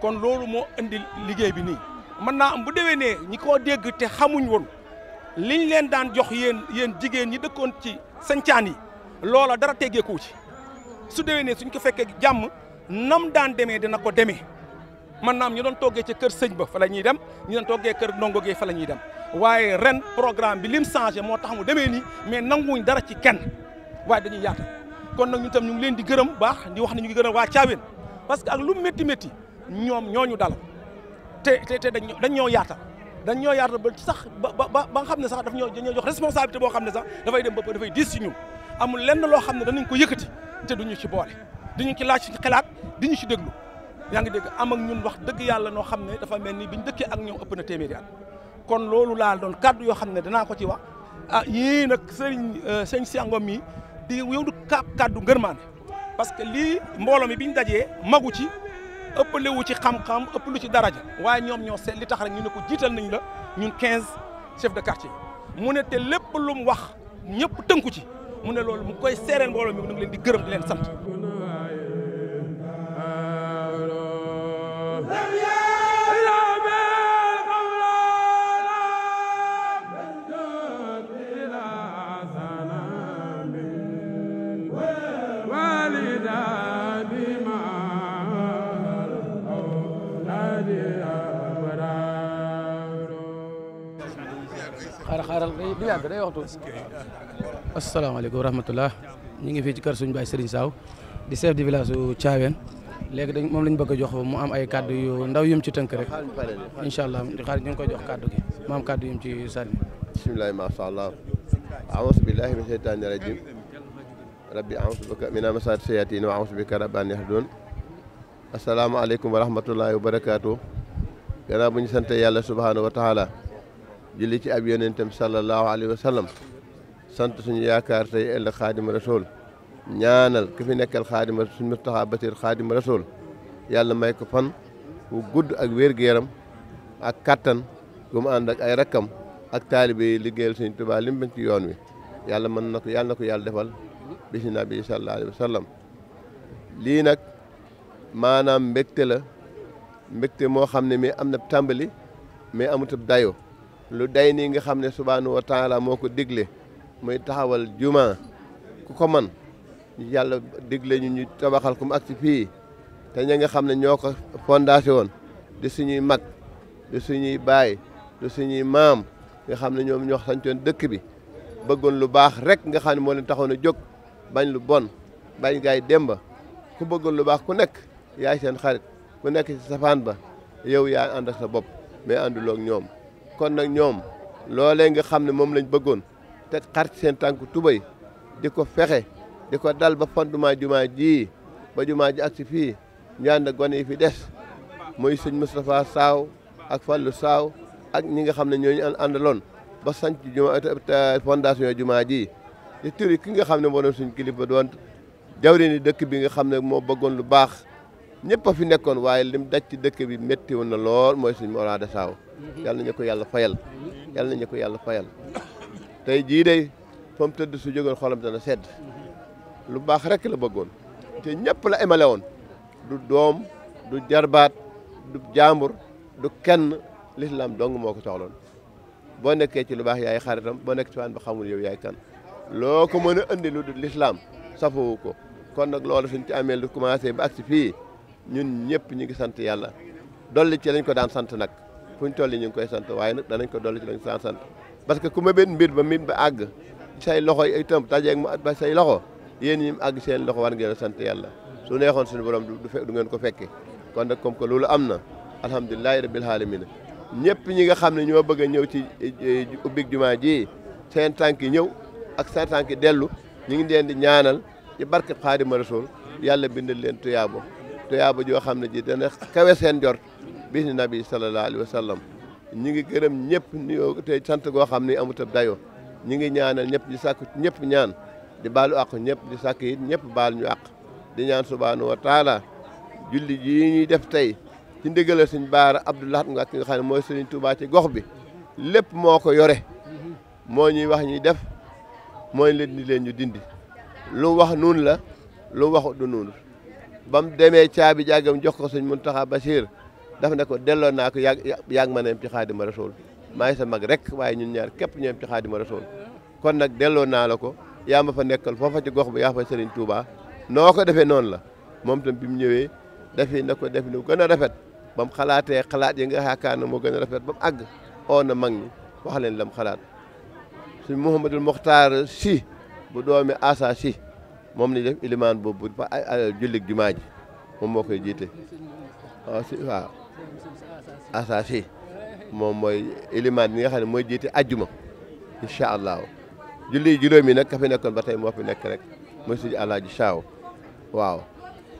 [SPEAKER 2] kon loolu moo indi liggéey bi nii mën naa am bu déwénee ñi ko dégg te xamuñ woon liñ leen daan jox yéen yéen jigéen ñi dëkkoon ci sancaan yi loola dara teggeeku ci su déwénee suñ ko fekkee jàmm nam daan demee dina ko demee mën naa am ñu doon toggee ca kër sëñ ba fa la ñuy dem ñu doon toggee kër ndongo gee fa la ñuy dem waaye ren programme bi lim changé moo tax mu demee nii mais nanguwuñ dara ci kenn waaye dañuy yaatal kon nag ñu tam ñu ngi leen di gërëm baax di wax ne ñu ngi gërëm waa Thiawéne parce que ak lu métti métti ñoom ñooñu dal te te te dañ dañ ñoo yaatal dañ ñoo yaatal ba sax ba ba ba nga xam ne sax daf ñoo dañoo jox responsabilité boo xam ne sax dafay dem ba dafay diis si amul lenn loo xam ne danañ ko yëkkati te duñu ci boole diñu ci laaj ci xalaat diñu ci déglu yaa ngi dégg am ak ñun wax dëgg yàlla noo xam ne dafa mel ni biñ dëkkee ak ñoom ëpp na téeméeri at kon loolu laa doon kàddu yoo xam ne danaa ko ci wax ah yii nag sëriñ euh, sëñ Siango mi di yëndu kàddu ngërmaane parce que lii mbooloo mi bi ñu dajee magu ci ëpp lewu ci xam ëpp lu ci daraja waaye ñoom ñoo seet li tax rek ñu ne ko jiital nañu la ñun 15 chef de quartier mu ne te lépp lu mu wax ñëpp tënku ci mu ne loolu mu koy seereel mbooloo mi mu ngi leen di gërëm di leen sant. yàgg day waxtu. asalaamaaleykum wa ñu ngi fii ci kër suñu baay Serigne Saw di chef de village su Thiawène léegi dañ moom lañ bëgg a jox mu am ay kàddu yu ndaw yum ci tënk rek incha
[SPEAKER 16] allah xaar ñu ngi koy jox kàddu gi mu am kàddu yum ci sànni. bisimilah macha allah. auzu billahi min sheytaani rajim rabbi auzu bika min amasaati sayatin wa auzu bika rabbi an yahdun asalaamaaleykum wa wa barakaatu. gannaaw bu ñu sant yàlla subhaanahu wa julli ci ab yonentam sallallahu alayhi wa sallam sant suñu yaakaar tey ëllëg xaadima rasool ñaanal ki fi nekkal xaadima suñu Moustapha Bassir xaadima rasool yàlla may ko fan wu gudd ak wér gu ak kàttan gu mu ak ay rakkam ak taalibe yi liggéeyal suñu Tuubaa lim bañ ci yoon wi yàlla mën na ko yàlla na ko yàlla defal si nabi sallallahu alayhi wa sallam lii nag maanaam mbégte la mbégte moo xam ne mi am na tàmbali mais amut dayo lu day nii nga xam ne subhaanahu wa taala moo ko digle muy taxawal juma ku ko man yàlla digle ñu ñu tabaxal ku mu agsi fii te ña nga xam ne ñoo ko fondation woon di suñuy mag di suñuy baay di suñuy maam nga xam ne ñoom ñoo sancoon dëkk bi bëggoon lu baax rek nga xam ne moo leen taxoon a jóg bañ lu bon bañ gaay demba ku bëggoon lu baax ku nekk yaay seen xarit ku nekk ci safaan ba yow yaa ànd ak sa bopp mais ànduloo ak ñoom kon nag ñoom loolee nga xam ne moom lañ bëggoon te xar seen tànk tubay di ko fexe di ko dal ba fondement jumaa ji ba jumaa ji ak si fii ñu ànd yi fi des muy sëñ Moustapha Saaw ak Fallou Saaw ak ñi nga xam ne ñooñu àndaloon ba sanc juma fondation jumaa ji di turi ki nga xam ne moo doon suñ kilifa doon jawri ni dëkk bi nga xam ne moo bëggoon lu baax ñëpp fi nekkoon waaye lim daj ci dëkk bi métti woon na lool mooy suñ Mawla de Saaw mhm. yal nañu ko yàlla fayal mhm. yal nañu ko yàlla fayal tey jii day fa mu tëdd su jógoon xolam dana sedd mhm. lu baax rekk la bëggoon te ñëpp la émale woon du doom du jarbaat du jàmbur du kenn lislaam dong moo ko soxloon boo nekkee ci lu baax yaay xaritam boo nekk ci waan ba xamul yow yaay kan loo ko mën a indi lu du lislaam safoo ko kon nag loolu suñ ci amee lu commencé ba agsi fii ñun ñëpp ñu ngi sant yàlla dolli ci lañ ko daan sant nag fu ñu toll ñu ngi koy sant waaye nag danañ ko dolli ci lañ ko daan sant parce que ku ma benn mbir ba mi ba àgg say loxo yi itam dajeeg mu ba say loxo yéen ñi mu seen loxo war ngeen a sant yàlla su neexoon suñu borom du du ngeen ko fekke kon nag comme que loolu am na alhamdulilahi rabbil alamin ñëpp ñi nga xam ne ñoo bëgg a ñëw ci ubbig jumaa ji seen tànk yi ñëw ak sa tànk dellu ñu ngi leen di ñaanal ci barke Xaadimu Rasuul yàlla bindal leen tuyaabo tuyaaba joo xam ne ji dana kawe seen jort bis ni nabi sallallahu alayhi wa sallam ñi ngi gërëm ñëpp nuyoo te sant goo xam ni amut ab dayoo ñi ngi ñaanal ñëpp di sàkk ñëpp ñaan di balu àq ñëpp di sàkk it baal ñu àq di ñaan subhaanahu wa taala julli ji ñuy def tey ci ndigalal suñ baara Abdoulahat nga ki nga ne mooy Sëriñ Tuubaa ci gox bi lépp moo ko yore moo ñuy wax ñuy def mooy leen ni leen ñu dindi lu wax nuun la lu waxut du nuun ba mu demee caabi jàggam jox ko sëñ Muntaxa Bachir daf ne ko delloo naa ko yag yàgg ma neem ci Xaadima Rasul maa ngi sa mag rek waaye ñun ñaar képp ñoom ci Xaadima Rasul kon nag delloo naa la ko yaa ma fa nekkal foofa ci gox bi yaa fa Serigne Touba noo ko defee noonu la moom tam bi mu ñëwee defi na ko def gën a rafet ba xalaatee xalaat yi nga yaakaar ne moo gën a rafet ba mu àgg oo na mag ñi wax leen la mu xalaat suñ Mouhamadul Mokhtar si bu doomi Asa si moom ni def ilimaan boobu bu ay jullig jumaa moom moo koy jiite ah, waaw moom mooy ilimaan bi nga xam ne mooy jiite ajjuma incha allahu julli juróomi nag ka fi nekkoon ba tey moo fi nekk rek mooy suñu alaaji saaw waaw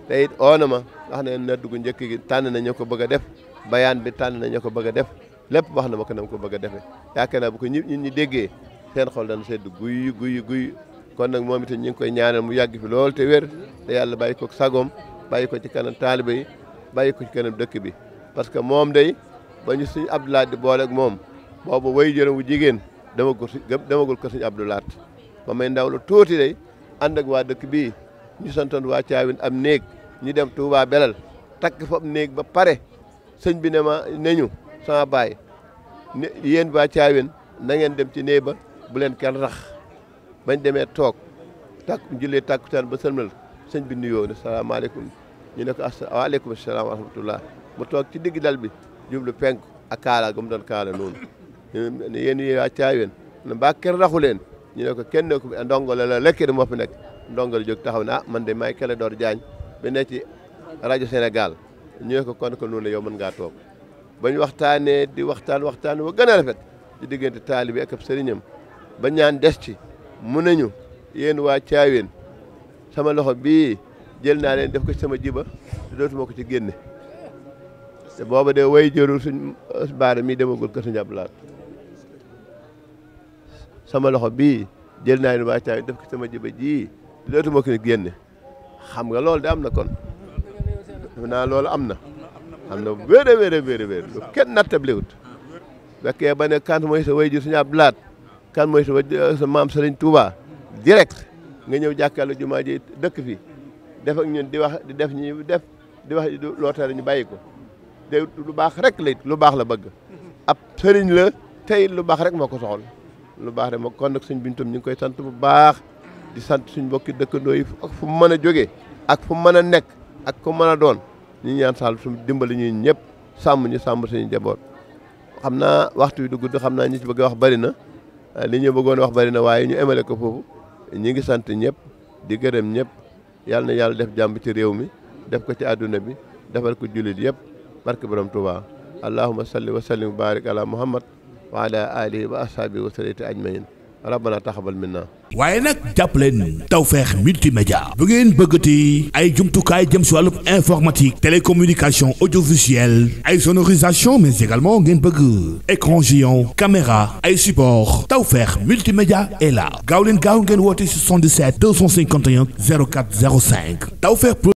[SPEAKER 16] te it oo ma wax ne na dugg njëkk gi tànn na ñu ko bëgg a def bayaan bi tànn na ñu ko bëgg def lépp wax na ma ko nam ko bëgg a defee yaakaar naa bu ko ñi ñi déggee seen xol dana sedd guy guy guy kon nag moom itam ñu ngi koy ñaanal mu yàgg fi loolu te wér te yàlla bàyyi ko sagoom bàyyi ko ci kanam taaliba bay bàyyi ko ci kanam dëkk bi parce que moom day ba ñu suñ Abdoulaat di boole ak moom boobu way jërëm wu jigéen damagul si damagul ko suñ Abdoulaat ba may ndaw la tuuti day ànd ak waa dëkk bii ñu santoon waa Caawin ab néeg ñu dem Touba Belal takk fa am néeg ba pare sëñ bi ne ma neñu ñu sama baay yéen waa Caawin na ngeen dem ci néeg ba bu leen kenn rax bañ demee toog takk jullee tàkkutaan ba sëlmal sëñ bi nuyoo ne salaamaaleykum ñu ne ko asalaamaaleykum salaam wa mu toog ci digg dal bi jublu penk ak kaala ga mu doon kaala noonu ne yéen yi waa caaween ne mbaa kenn raxu leen ñu ne ko kenn ne ko ndongo la lekk moo fi nekk ndongo la taxaw ne ah, man de may Clédor Diagne bi ne ci rajo Sénégal ñu ne ko kon ko noonu yow mën ngaa toog bañ waxtaanee di waxtaan waxtaan wa gën a rafet ci diggante taalibi ak ab ba ñaan des ci mu nañu yéen waa caaween sama loxo bii jël naa leen def ko ci sama jiba te dootuma ko ci génne te booba de way jërul suñ mii mi demagul ko suñu ablaat sama loxo bii jël naa leen waa caaween def ko ci sama jiba jii te dootuma ko génne xam nga loolu de am na kon defe naa loolu am na am na wéer a wéer a wéer lu kenn nattablewut fekkee ba ne kant mooy sa way jur suñu ablaat kan mooy sa maam Serigne Touba direct nga ñëw jàkkaarloo jumaa ji dëkk fi def ak ñun di wax di def ñuy def di wax loo tere ñu bàyyi ko te lu baax rek la lu baax la bëgg ab sëriñ la tey lu baax rek moo ko soxol lu baax rek moo kon nag suñ bintam ñu ngi koy sant bu baax di sant suñ mbokki dëkkandoo yi ak fu mu mën a jógee ak fu mën a nekk ak ku mën a doon ñu ñaan saal su dimbali ñuy ñëpp sàmm ñu sàmm suñu jaboot xam naa waxtu wi du gudd xam naa ñi si bëgg a wax bari na Euh, li ñu bëggoon wax bari na waaye ñu emale ko foofu ñi ngi sant ñëpp di gërëm ñëpp yàlla na yàlla def jàmm ci réew mi def ko ci àdduna bi defal ko jullit yëpp barke borom Tuubaa allahumma salli wa sallim wa barik ala muhammad wa ala alihi wa ashaabihi wa añ ajmain rabbana taxabal
[SPEAKER 1] minna waaye nag jàppaleen Tawfekh multimédia bu ngeen bëggati ay jumtukaay jëm si wàllu informatique télécommunication audiovisuelle ay sonorisation mais également ngeen bëgg écran géant caméra ay support Tawfekh multimédia est la gaaw leen gaaw ngeen woote 77 251 04 05 Tawfekh